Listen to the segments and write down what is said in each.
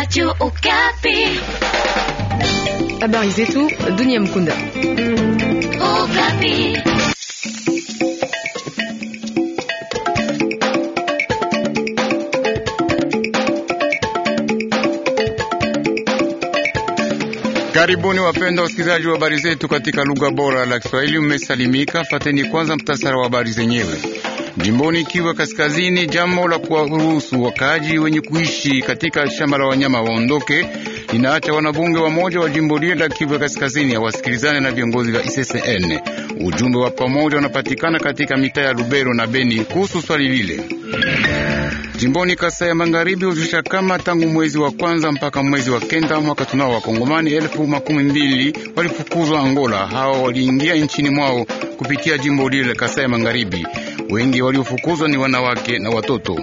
Radio Okapi. Habari zetu dunia mkunda. Okapi. Karibuni wapenda wasikilizaji wa habari zetu katika lugha bora la Kiswahili. Mmesalimika, fateni kwanza mtasara wa habari zenyewe jimboni Kivu Kaskazini, jambo la kuwaruhusu wakaaji wenye kuishi katika shamba la wanyama waondoke inaacha wanabunge wa moja wa jimbo lile la Kivu Kaskazini hawasikilizane na viongozi vya issn Ujumbe wa pamoja unapatikana katika mitaa ya Lubero na Beni kuhusu swali lile. Jimboni Kasai ya Magharibi hujusha kama tangu mwezi wa kwanza mpaka mwezi wa kenda mwaka tunao wakongomani elfu makumi mbili walifukuzwa Angola. Hao waliingia nchini mwao kupitia jimbo lile la Kasai ya Magharibi wengi waliofukuzwa ni wanawake na watoto.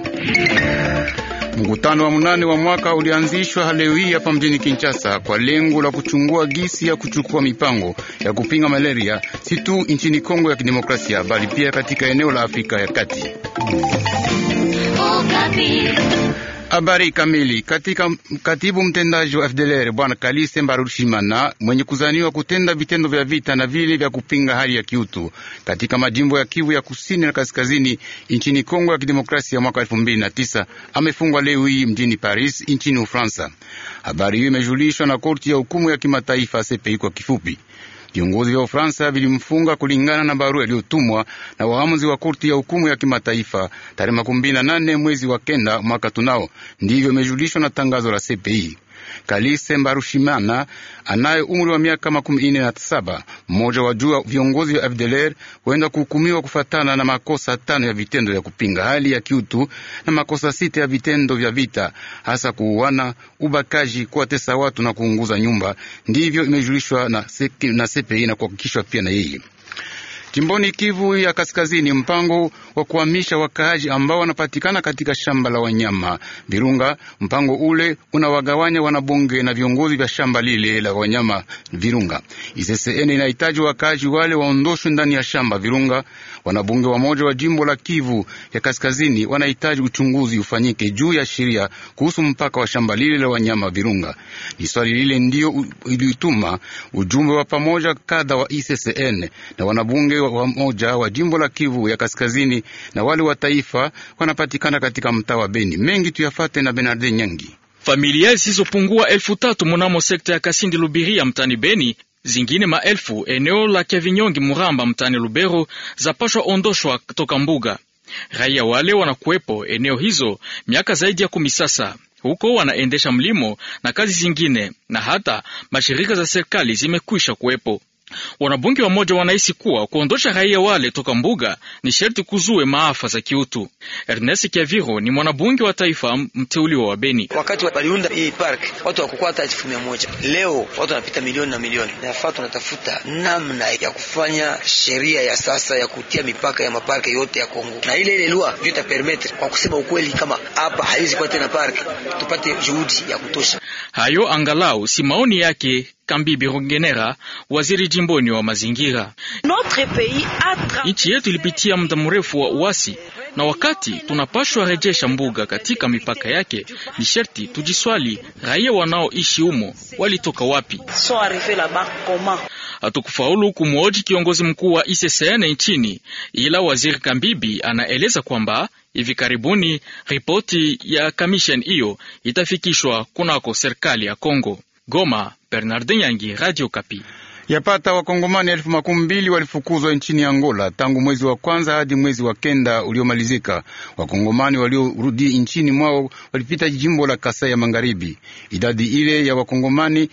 Mkutano wa munane wa mwaka ulianzishwa leo hii hapa mjini Kinshasa kwa lengo la kuchungua gisi ya kuchukua mipango ya kupinga malaria si tu nchini Kongo ya Kidemokrasia bali pia katika eneo la Afrika ya Kati. Oh, Habari kamili katika katibu mtendaji wa FDLR bwana Kalise Mbarushimana mwenye kuzaniwa kutenda vitendo vya vita na vile vya kupinga hali ya kiutu katika majimbo ya Kivu ya kusini na kaskazini nchini Kongo ya kidemokrasia mwaka 2009 amefungwa leo hii mjini Paris nchini Ufaransa. Habari hiyo imejulishwa na korti ya hukumu ya kimataifa CPI kwa kifupi. Viongozi vya Ufaransa vilimfunga kulingana na barua iliyotumwa na waamuzi wa korti ya hukumu ya kimataifa tarehe makumi mbili na nane mwezi wa kenda mwaka tunao. Ndivyo imejulishwa na tangazo la CPI. Kalise Mbarushimana anaye umri wa miaka makumi ine na saba, mmoja wa juu viongozi vya FDLR huenda kuhukumiwa kufatana na makosa tano ya vitendo vya kupinga hali ya kiutu na makosa sita ya vitendo vya vita, hasa kuuana, ubakaji, kuwatesa watu na kuunguza nyumba. Ndivyo imejulishwa na, na CPI na kuhakikishwa pia na yeye Jimboni Kivu ya Kaskazini, mpango wa kuhamisha wakaaji ambao wanapatikana katika shamba la wanyama Virunga. Mpango ule unawagawanya wanabunge na viongozi vya shamba lile la wanyama Virunga. ICCN inahitaji wakaaji wale waondoshwe ndani ya shamba Virunga. Wanabunge wamoja wa jimbo la Kivu ya Kaskazini wanahitaji uchunguzi ufanyike juu ya sheria kuhusu mpaka wa shamba lile la wanyama Virunga. Ni swali lile ndiyo ilituma ujumbe wa pamoja kadha wa ICCN na wanabunge wamoja wa jimbo la Kivu ya Kaskazini na wale wa taifa wanapatikana katika mtaa wa Beni. Mengi tuyafate na Benarde Nyangi. Familia zisizopungua elfu tatu mnamo sekta ya Kasindi Lubiria mtani Beni, zingine maelfu eneo la Kevinyongi Muramba mtani Lubero zapashwa ondoshwa toka mbuga. Raia wale wanakuwepo eneo hizo miaka zaidi ya kumi sasa huko wanaendesha mlimo na kazi zingine, na hata mashirika za serikali zimekwisha kuwepo. Wanabunge wamoja wanahisi kuwa kuondosha raia wale toka mbuga ni sharti kuzue maafa za kiutu. Ernest Kiaviro ni mwanabunge wa taifa mteuliwa wa Beni. Wakati waliunda hii park watu wakukua hata elfu mia moja leo watu wanapita milioni na milioni. Nafaa tunatafuta namna ya kufanya sheria ya sasa ya kutia mipaka ya maparke yote ya Kongo, na ile ile lua ndio itapermetre kwa kusema ukweli, kama hapa haiwezi kuwa tena park, tupate juhudi ya kutosha. Hayo angalau si maoni yake kambibi Rongenera, waziri jimboni wa mazingira. Nchi yetu ilipitia muda mrefu wa uasi, na wakati tunapashwa rejesha mbuga katika mipaka yake, ni sherti tujiswali, raia wanaoishi humo walitoka wapi? Hatukufaulu kumwoji kiongozi mkuu wa ICCN nchini, ila waziri Kambibi anaeleza kwamba Hivi karibuni ripoti ya kamisheni hiyo itafikishwa kunako serikali ya Kongo. Goma, Bernardin Yangi, Radio Kapi yapata wakongomani elfu makumi mbili walifukuzwa nchini Angola tangu mwezi wa kwanza hadi mwezi wa kenda uliomalizika. Wakongomani waliorudi nchini mwao walipita jimbo la Kasai ya Magharibi. Idadi ile ya wakongomani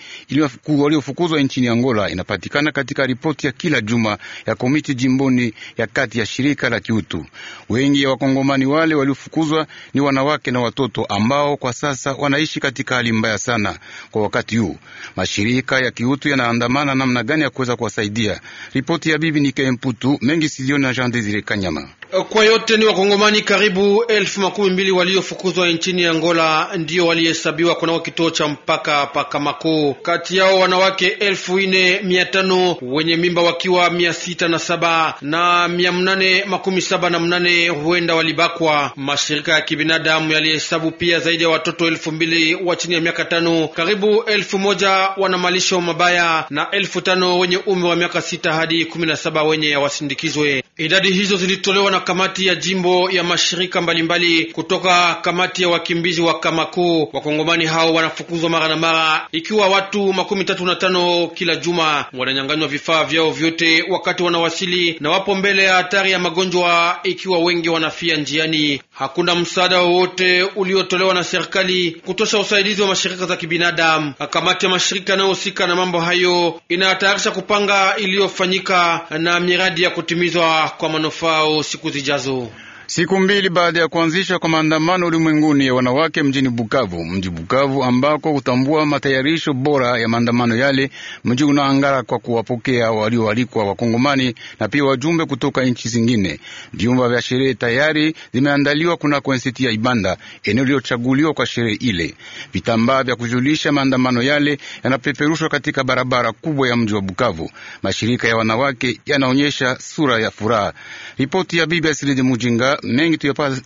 waliofukuzwa nchini Angola inapatikana katika ripoti ya kila juma ya komiti jimboni ya kati ya shirika la kiutu. Wengi ya wakongomani wale waliofukuzwa ni wanawake na watoto ambao kwa sasa wanaishi katika hali mbaya sana. Kwa wakati huu mashirika ya kiutu yanaandamana namna gani ya kuweza kuwasaidia. Ripoti ya bibi Nike Mputu mengi silio na Jean Desire Kanyama. Kwa yote ni wakongomani karibu elfu makumi mbili waliofukuzwa nchini Angola ndio walihesabiwa kunao kituo cha mpaka Pakamaku, kati yao wanawake elfu ine mia tano wenye mimba wakiwa mia sita na saba na mia mnane makumi saba na mnane huenda walibakwa. Mashirika ya kibinadamu yalihesabu pia zaidi ya watoto elfu mbili wa chini ya miaka tano, karibu elfu moja wana malisho mabaya na elfu tano wenye umri wa miaka sita hadi kumi na saba wenye wasindikizwe. Idadi hizo zilitolewa na kamati ya jimbo ya mashirika mbalimbali kutoka kamati ya wakimbizi wa Kamaku. Wakongomani hao wanafukuzwa mara na mara, ikiwa watu makumi tatu na tano kila juma. Wananyanganywa vifaa vyao vyote wakati wanawasili na wapo mbele ya hatari ya magonjwa, ikiwa wengi wanafia njiani. Hakuna msaada wowote uliotolewa na serikali kutosha usaidizi wa mashirika za kibinadamu. Kamati ya mashirika yanayohusika na mambo hayo ina anatayarisha kupanga iliyofanyika na miradi ya kutimizwa kwa manufaa siku zijazo. Siku mbili baada ya kuanzisha kwa maandamano ulimwenguni ya wanawake mjini Bukavu, mji Bukavu ambako kutambua matayarisho bora ya maandamano yale, mji unaangara kwa kuwapokea walioalikwa Wakongomani na pia wajumbe kutoka nchi zingine. Vyumba vya sherehe tayari zimeandaliwa kunako ensiti ya Ibanda, eneo lililochaguliwa kwa sherehe ile. Vitambaa vya kujulisha maandamano yale yanapeperushwa katika barabara kubwa ya mji wa Bukavu. Mashirika ya wanawake yanaonyesha sura ya furaha. Ripoti ya bibi Asilidi Mujinga mengi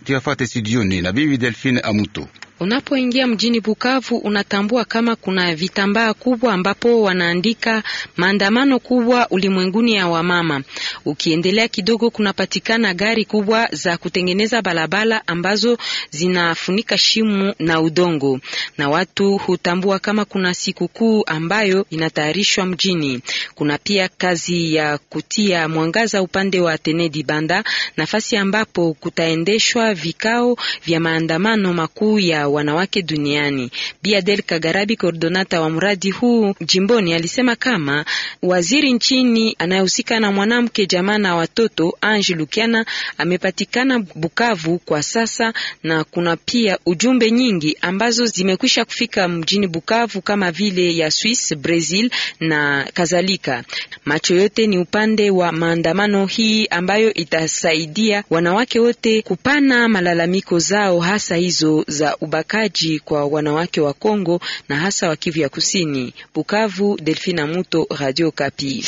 tuyafate studioni na bibi Delphine Amuto. Unapoingia mjini Bukavu unatambua kama kuna vitambaa kubwa ambapo wanaandika maandamano kubwa ulimwenguni ya wamama. Ukiendelea kidogo, kunapatikana gari kubwa za kutengeneza barabara ambazo zinafunika shimu na udongo, na watu hutambua kama kuna sikukuu ambayo inatayarishwa mjini. Kuna pia kazi ya kutia mwangaza upande wa Tenedi Banda, nafasi ambapo kutaendeshwa vikao vya maandamano makuu ya wanawake duniani. Pia Del Kagarabi, koordonata wa mradi huu jimboni, alisema kama waziri nchini anayehusika na mwanamke, jamaa na watoto Ange Lukiana amepatikana Bukavu kwa sasa, na kuna pia ujumbe nyingi ambazo zimekwisha kufika mjini Bukavu kama vile ya Swiss, Brazil na kadhalika. Macho yote ni upande wa maandamano hii ambayo itasaidia wanawake wote kupana malalamiko zao hasa hizo za ubakaji kwa wanawake wa Kongo na hasa wa Kivu ya Kusini. Bukavu, Delfina Muto, Radio Kapi.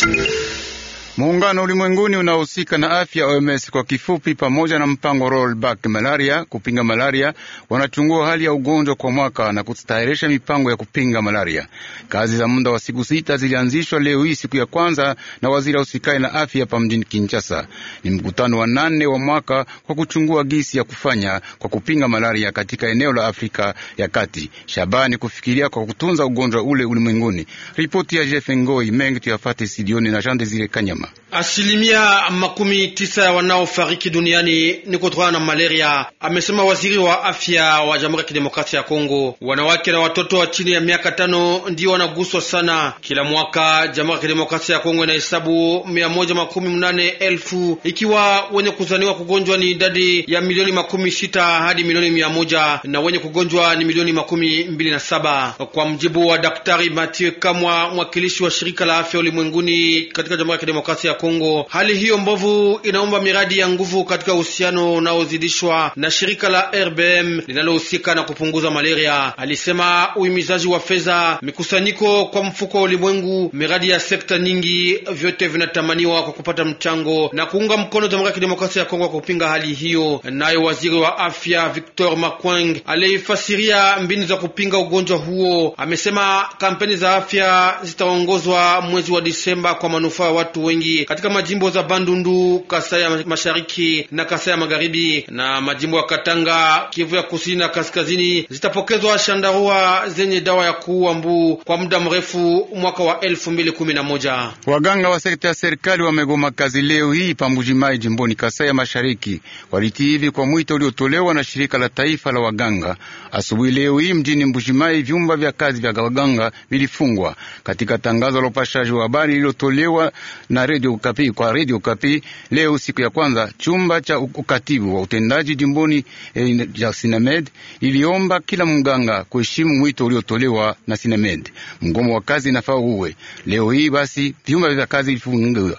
Muungano ulimwenguni unaohusika na afya OMS kwa kifupi, pamoja na mpango roll back malaria, kupinga malaria, wanachungua hali ya ugonjwa kwa mwaka na kutayarisha mipango ya kupinga malaria. Kazi za muda wa siku sita zilianzishwa leo hii siku ya kwanza na waziri usikae na afya hapa mjini Kinshasa. Ni mkutano wa nane wa mwaka kwa kuchungua gisi ya kufanya kwa kupinga malaria katika eneo la Afrika ya Kati. Shabani kufikiria kwa kutunza ugonjwa ule ulimwenguni. Ripoti ya Jeff Ngoi Meng tuyafate sidioni na Jean Desire Kanyama. Asilimia makumi tisa ya wanaofariki duniani ni kutokana na malaria, amesema waziri wa afya wa Jamhuri ya Kidemokrasia ya Kongo. Wanawake na watoto wa chini ya miaka tano ndio wanaguswa sana. Kila mwaka Jamhuri ya Kidemokrasia ya Kongo inahesabu mia moja makumi mnane elfu ikiwa wenye kuzaniwa kugonjwa ni idadi ya milioni makumi sita hadi milioni mia moja na wenye kugonjwa ni milioni makumi mbili na saba kwa mjibu wa Daktari Mathieu Kamwa, mwakilishi wa shirika la afya ulimwenguni katika Jamhuri ya Kidemokrasia Kidemokrasia ya Kongo. Hali hiyo mbovu inaomba miradi ya nguvu katika uhusiano unaozidishwa na shirika la RBM linalohusika na kupunguza malaria, alisema. Uhimizaji wa fedha, mikusanyiko kwa mfuko wa ulimwengu, miradi ya sekta nyingi, vyote vinatamaniwa kwa kupata mchango na kuunga mkono Jamhuri ya Kidemokrasia ya Kongo kwa kupinga hali hiyo. Naye waziri wa afya Victor Makwang aliyefasiria mbinu za kupinga ugonjwa huo, amesema kampeni za afya zitaongozwa mwezi wa Disemba kwa manufaa ya watu wengi mengi katika majimbo za Bandundu, Kasai ya Mashariki na Kasai ya Magharibi, na majimbo ya Katanga, Kivu ya Kusini na Kaskazini zitapokezwa shandarua zenye dawa ya kuua mbu kwa muda mrefu mwaka wa 2011. Waganga wa sekta ya serikali wamegoma kazi leo hii Pambujimai, jimboni Kasai ya Mashariki. Waliti hivi kwa mwito uliotolewa na shirika la taifa la waganga. Asubuhi leo hii mjini Mbushimai, vyumba vya kazi vya waganga vilifungwa. Katika tangazo la upashaji wa habari lililotolewa na Radio Ukapi kwa Radio Ukapi leo siku ya kwanza, chumba cha ukatibu wa utendaji jimboni eh, ya Sinamed iliomba kila mganga kuheshimu mwito uliotolewa na Sinamed. Mgomo wa kazi nafaa uwe leo hii, basi vyumba vya kazi vifunguliwe.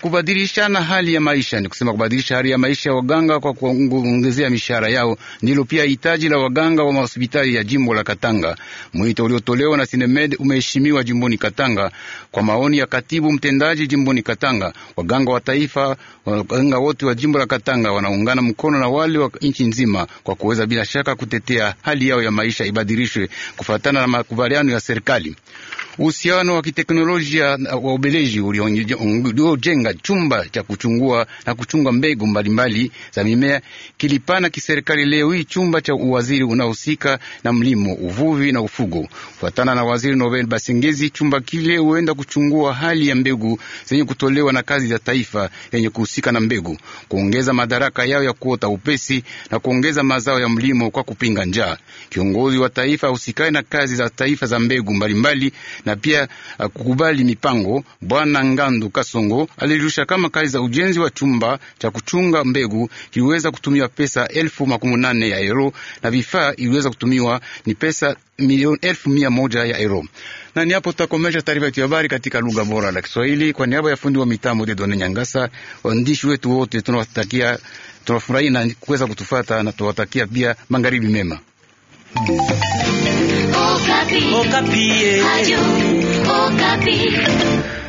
Kubadilishana hali ya maisha ni kusema kubadilisha hali ya maisha ya waganga kwa kuongezea mishahara yao, ndilo pia hitaji la waganga wa mahospitali ya jimbo la Katanga. Mwito uliotolewa na Sinemed umeheshimiwa jimboni Katanga kwa maoni ya katibu mtendaji pili jimboni Katanga. Waganga wa taifa, waganga wote wa jimbo la Katanga wanaungana mkono na wale wa nchi nzima kwa kuweza bila shaka kutetea hali yao ya maisha ibadilishwe kufuatana na makubaliano ya serikali. Uhusiano wa kiteknolojia wa Ubeleji uliojenga chumba cha kuchungua na kuchunga mbegu mbalimbali za mimea kilipana kiserikali leo hii chumba cha uwaziri unaohusika na mlimo, uvuvi na ufugo. Kufuatana na waziri Noel Basengezi, chumba kile huenda kuchungua hali ya mbegu zenye kutolewa na kazi za taifa yenye kuhusika na mbegu, kuongeza madaraka yao ya kuota upesi na kuongeza mazao ya mlimo kwa kupinga njaa. Kiongozi wa taifa ahusikaye na kazi za taifa za mbegu mbalimbali na pia uh, kukubali mipango. Bwana Ngandu Kasongo alirusha kama kazi za ujenzi wa chumba cha kuchunga mbegu kiliweza kutumiwa pesa elfu makumi nane ya euro na vifaa iliweza kutumiwa ni pesa milioni elfu mia moja ya euro. Na ni hapo tutakomesha taarifa yetu ya habari katika lugha bora la Kiswahili. Kwa niaba ya fundi wa mitambo Dedone Nyangasa, waandishi wetu wote tunawatakia, tunafurahi na kuweza kutufata na tunawatakia pia magharibi mema. mm. Okapi. Okapi. Eh.